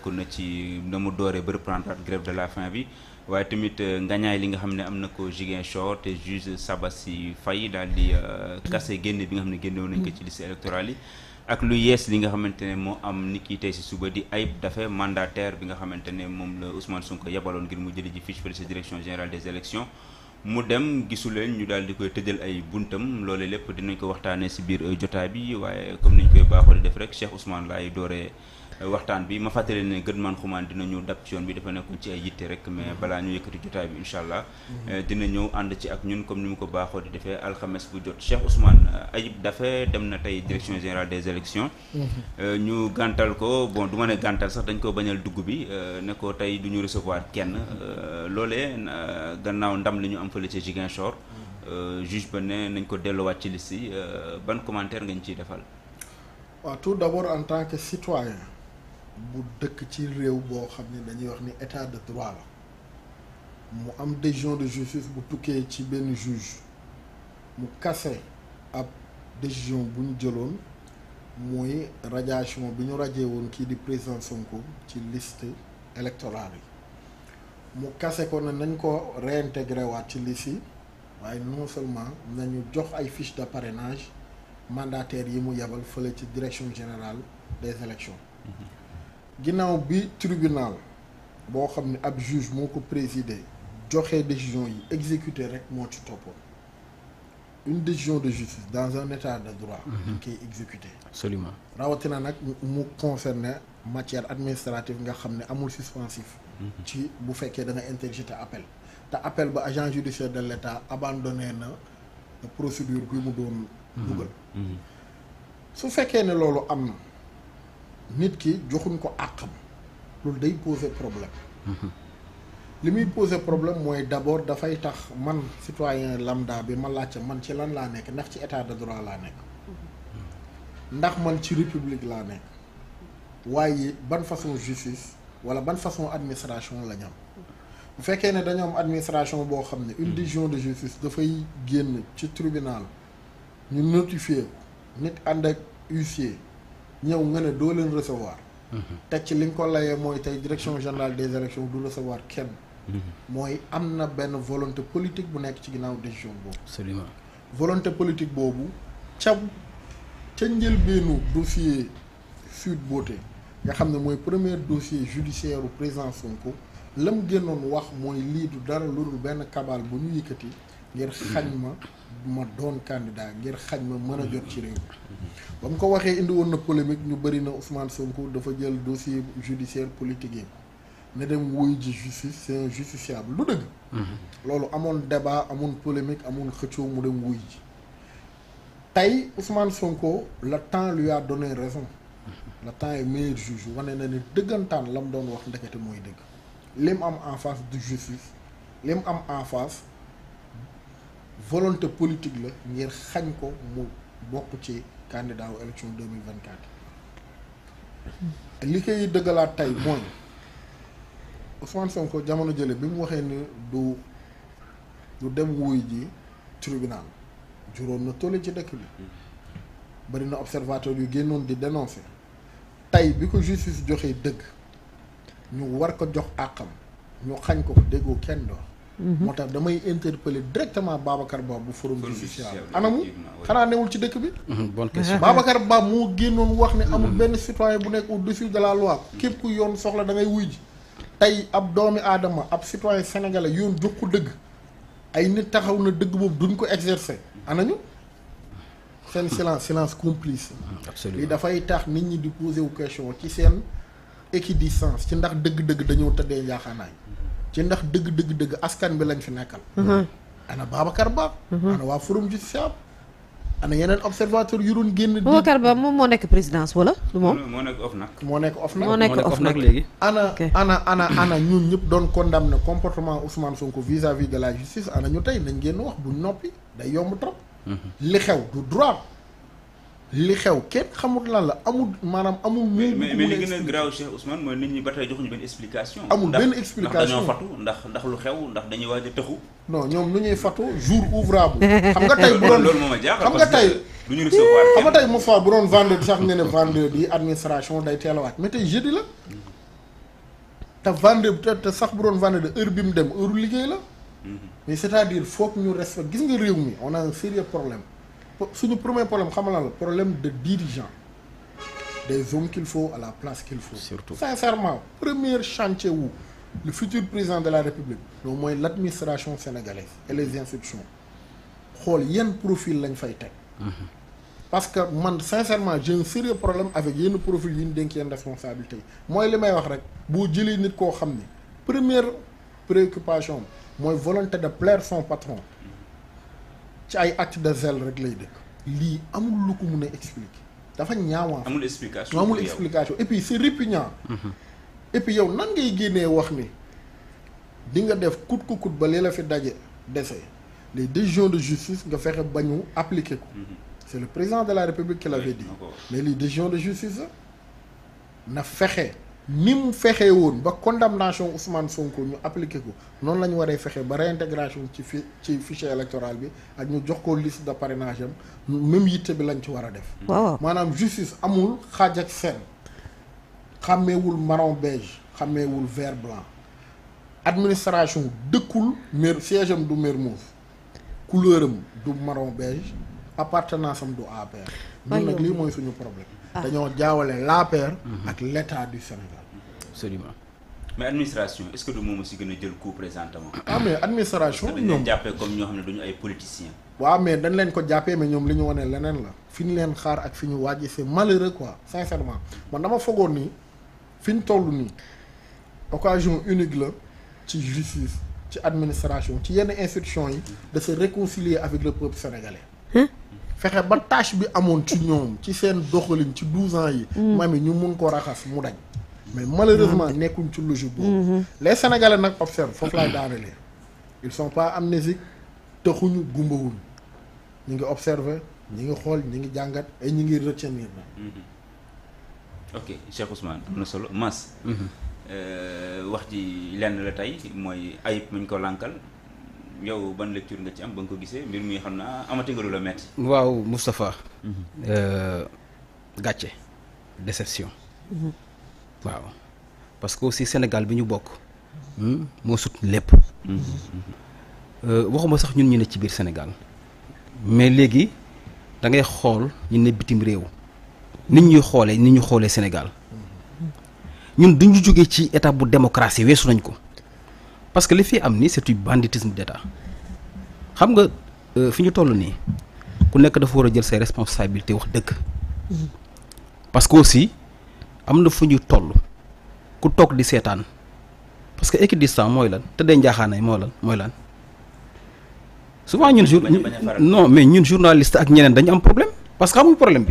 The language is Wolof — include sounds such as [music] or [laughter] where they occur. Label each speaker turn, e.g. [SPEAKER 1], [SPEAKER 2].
[SPEAKER 1] bokk na ci na mu dooree ba reprendre at grève de la faim bi waaye tamit euh, ngañaay li nga xam ne am na ko Ziguinchor te juge Sabassi Faye daal di euh, kase génne bi nga xam ne génne woon nañ ko ci liste électorale lu yees li nga xamante ne moo am ni kii si suba di Ayib Daffé mandataire bi nga xamante ne moom la Ousmane Sonko yebaloon ngir mu jëli ji fiche fële sa direction générale des élections mu dem gisuleen ñu daal di koy tëjal ay buntam loole lépp dinañ ko waxtaanee si biir euh, jotaay bi waaye comme niñ koy baaxul def rek Cheikh la ay dooree waxtaan bi ma fàttali ne Gëdman Xuman dina ñëw dab ci yoon bi dafa nekkoon ci ay yitte rek mais balaa ñu yëkkati jotaay bi incha allah mhm. euh, dina ñëw ànd ci ak ñun comme ni mu ko baaxoo di defee alxames bu jot Cheikh Ousmane euh, Ayib Daffé dem na tey direction générale des élections mhm. euh, ñu gantal ko bon du ma ne gàntal sax dañ ko bañal dugg bi ne ko tey du ñu recevoir kenn loolee gannaaw ndam li ñu am fële ci Ziguinchor mhm. juge ba ne nañ ko delloowaat ci liste yi ban commentaire nga ciy defal
[SPEAKER 2] bu dëkk ci réew boo xam ne dañuy wax ni état de droit la mu am décision de justice bu tukkee ci benn juge mu kase ab décision bu ñu jëloon mooy radiation bi ñu rajee woon kii di président Sonko ci liste électorale yi mu kase ko ne nañ ko réintégré waat ci liste yi waaye non seulement nañu jox ay fiche de parrainage mandataire yi mu yebal fële ci direction générale des élections. Mm-hmm. ginnaaw bi tribunal boo xam ne ab juge moo ko présider joxe décision yi exécuter rek moo ci toppoon une décision de justice dans un état de droit dañ koy exécuter absolument rawatina nag mu concerne matière administrative nga xam ne amul suspensif mhm. ci bu fekkee da nga interjeter appel te appel ba agent judiciaire de l'État abandonné na procédure bi mu doon mhm. dugal mhm. su fekkee ne loolu am na nit ki joxuñ ko àqam loolu day poser problème mm-hmm. li muy poser problème mooy d'abord dafay tax man citoyen lamda bi ma laajte man ci lan laa nekk ndax ci état de droit laa nekk mm-hmm. ndax man ci république laa nekk waaye ban façon justice wala ban façon administration la am bu fekkee ne dañoo am administration boo xam ne une mm-hmm. décision de justice dafay génn ci tribunal ñu notifier nit ànd ak huissier ñëw nga ne doo leen recevoir. Mhm. teg ci li nga ko layee mooy tey direction générale des élections du recevoir kenn. Mhm. mooy am na benn volonté politique bu nekk ci ginnaaw décision boobu. absolument volonté politique boobu ca ca njëlbeenu dossier Sweet Beauté nga xam ne mooy premier dossier judiciaire u président Sonko lam génnoon wax mooy lii du dara lu dul benn kabal bu ñu yëkkati. ngir xañ ma ma doon candidat ngir xaj ma mën a jot ci réew ba mu ko waxee indi woon na polémique ñu bëri na Ousmane Sonko dafa jël dossier judiciaire politique yi ne dem wuy ji justice c'est un justiciable lu dëgg mm-hmm. loolu amoon débat amoon polémique amoon xëccoo mu dem wuy ji tey Ousmane Sonko le temps lui a donné raison mm-hmm. le temps est meilleur juge wane na ni dëggantaan la mu doon wax ndekete mooy dëgg lim am en face de justice lim am en face volonté politique la ngir xañ ko mu bokk ci candidat wu élection 2024 li koy dëggalaat tey mooy Ousmane Sonko jamono jële bi mu waxee ni du du dem wuy ji tribunal juróom na tolle ci dëkk bi bari na observateur yu génnoon di dénoncer tey bi ko justice joxee dëgg ñu war ko jox àqam ñu xañ ko déggoo kenn doon Mhm. moo tax damay interpeller directement Babacar Ba bu forum du social anamu xanaa newul ci dëkk bi mhm, bonne question [laughs] Babacar Ba moo génnoon wax ne amul mhm. benn citoyen bu nekk au-dessus de la loi képp ku yoon soxla da ngay wuy ji tey ab doomi aadama ab citoyen sénégalais yoon jox ko dëgg ay nit taxaw na dëgg boobu duñ ko exercer ñu seen silence silence complice li dafay tax nit ñi di poser wu question ci seen équidistance ci ndax dëgg-dëgg dañoo tëddee njaaxaanaay ci ndax dëgg dëgg dëgg askan bi lañ fi nekkal. Mhm. ana Babacar Ba. Mhm. ana waa Forum Justiciable. ana yeneen observateur yu doon
[SPEAKER 1] génn. Babacar Ba moom moo nekk présidence wala du moom. moo nekk OFNAC.
[SPEAKER 2] moo nekk OFNAC nag nekk OFNAC léegi. ana ana ana ana ñun ñëpp doon condamné comportement Ousmane Sonko vis vis de la justice ana ñu tey nañ génn wax buñ noppi day yomb trop. Mhm. li xew du droit. li xew kenn xamul lan la amul maanaam amul. mais mais li gën a
[SPEAKER 1] graaw Cheikh Ousmane mooy nit ñi ba tey joxuñu benn explication. amul benn explication ndax ndax ndax lu xew ndax dañuy waaj a tëxu. non
[SPEAKER 2] ñoom nu ñuy fatu jour ouvrable. xam nga tey bu doon loolu moom a jaaxal parce que xam nga tey. du ñu recevoir xam nga tey mo fa bu doon vendredi sax nga ne vendredi administration day teelawaat mais tey la. te vendredi te sax bu doon vendredi heure bi mu dem heure liggéey la. Mhm. mais c'est-à-dire foog ñu respect gis nga réew mi on a un sérieux problème. suñu premier problème xamal la problème de dirigeant des hommes qu'il faut à la place qu'il faut. surtout sincèrement premier chantier wu le futur président de la république. loolu mooy l' administration sénégalaise et les institutions xool yan profil lañ fay teg. Mhm. parce que man sincèrement j'ai un sérieux problème avec yenn profil yi ñu dénk yenn responsabilité mooy li may wax rek boo jëlee nit koo xam ni première préoccupation mooy volonté de plaire son patron ci ay acte de zèle rek lay dëkk lii amul lu ko mun a expliquer dafa ñaawaan
[SPEAKER 1] amul explication amul
[SPEAKER 2] explication et puis c'est répugnant mhm. et yow nan ngay génnee wax ni di nga def kut ku kut ba lee la fi daje dese les décisions de justice nga fexe ba ñu appliquer ko mhm. c'est le président de la république qui l'avait dit mais les décisions de justice na fexe ni mu fexee woon ba condamnation Ousmane Sonko ñu appliqué ko noonu la ñu waree fexe ba réintégration ci fi ci fichier électoral bi ak ñu jox ko liste de parrainage am même yitte bi lañ ci war a def. waaw maanaam justice amul xaaj ak seen xàmmeewul marron beige xàmmeewul vert blanc administration dëkkul mer siège du Mermoz couleur am du marron beige appartenance du APR. ñun nag lii mooy suñu problème. Ah. dañoo jaawale l'APR mhm. ak l'État du Sénégal.
[SPEAKER 1] absolument mais administration est-ce que du moom si gën a jël coup présentement. ah mais
[SPEAKER 2] administration leen ñoo
[SPEAKER 1] xam ne duñu ay politiciens.
[SPEAKER 2] waaw mais dañ leen ko jàppee mais ñoom li ñu ne leneen la fi ñu leen xaar ak fi ñu wàjji c'est malheureux quoi sincèrement man dama fogoon ni fi ñu toll nii occasion unique la ci justice ci administration ci yenn institutions yi de se réconcilier avec le peuple sénégalais. fexe ba tâche bi amoon ci ñoom ci seen doxalin ci douze ans yi. Hmm. mami ñu mun ko raxas mu dañ. mais malheureusement nekkuñ ci logique boobu. Mhm. les sénégalais nag observe foofu laay daanelee. il sont pas amnésiques taxuñu gumbawuñ ñu ngi observer ñu ngi xool ñu ngi jàngat et ñu ngi retenir na.
[SPEAKER 1] Mhm. ok am na solo Mass. Mhm. Euh, wax ji lenn la tey mooy ayib muñ ko lànkal yow ban lecture nga ci am ba nga ko gisee mbir mi xam naa amati la metti
[SPEAKER 2] waaw Moustapha. Euh, gàcce déception. waaw parce que aussi Sénégal bi ñu bokk hmm, moo sut lépp mm-hmm. euh, waxuma sax ñun ñu ne ci biir Sénégal mais léegi da ngay xool ñu ne bitim réew nit ñuy xoolee nit ñu xoolee Sénégal
[SPEAKER 1] mm-hmm. ñun ñu jógee
[SPEAKER 2] ci état bu démocratie weesu nañ ko parce que li fi am nii c'est du banditisme xam nga euh, fi ñu toll nii ku nekk dafa war a jël ses responsabilité wax dëgg mm-hmm. parce aussi am na fu ñu toll ku toog di seetaan parce que équidistant mooy lan te day njaaxaanay mooy lan mooy lan
[SPEAKER 1] souvent ñun jour non mais ñun journaliste ak ñeneen dañu am problème parce que xamuñu problème bi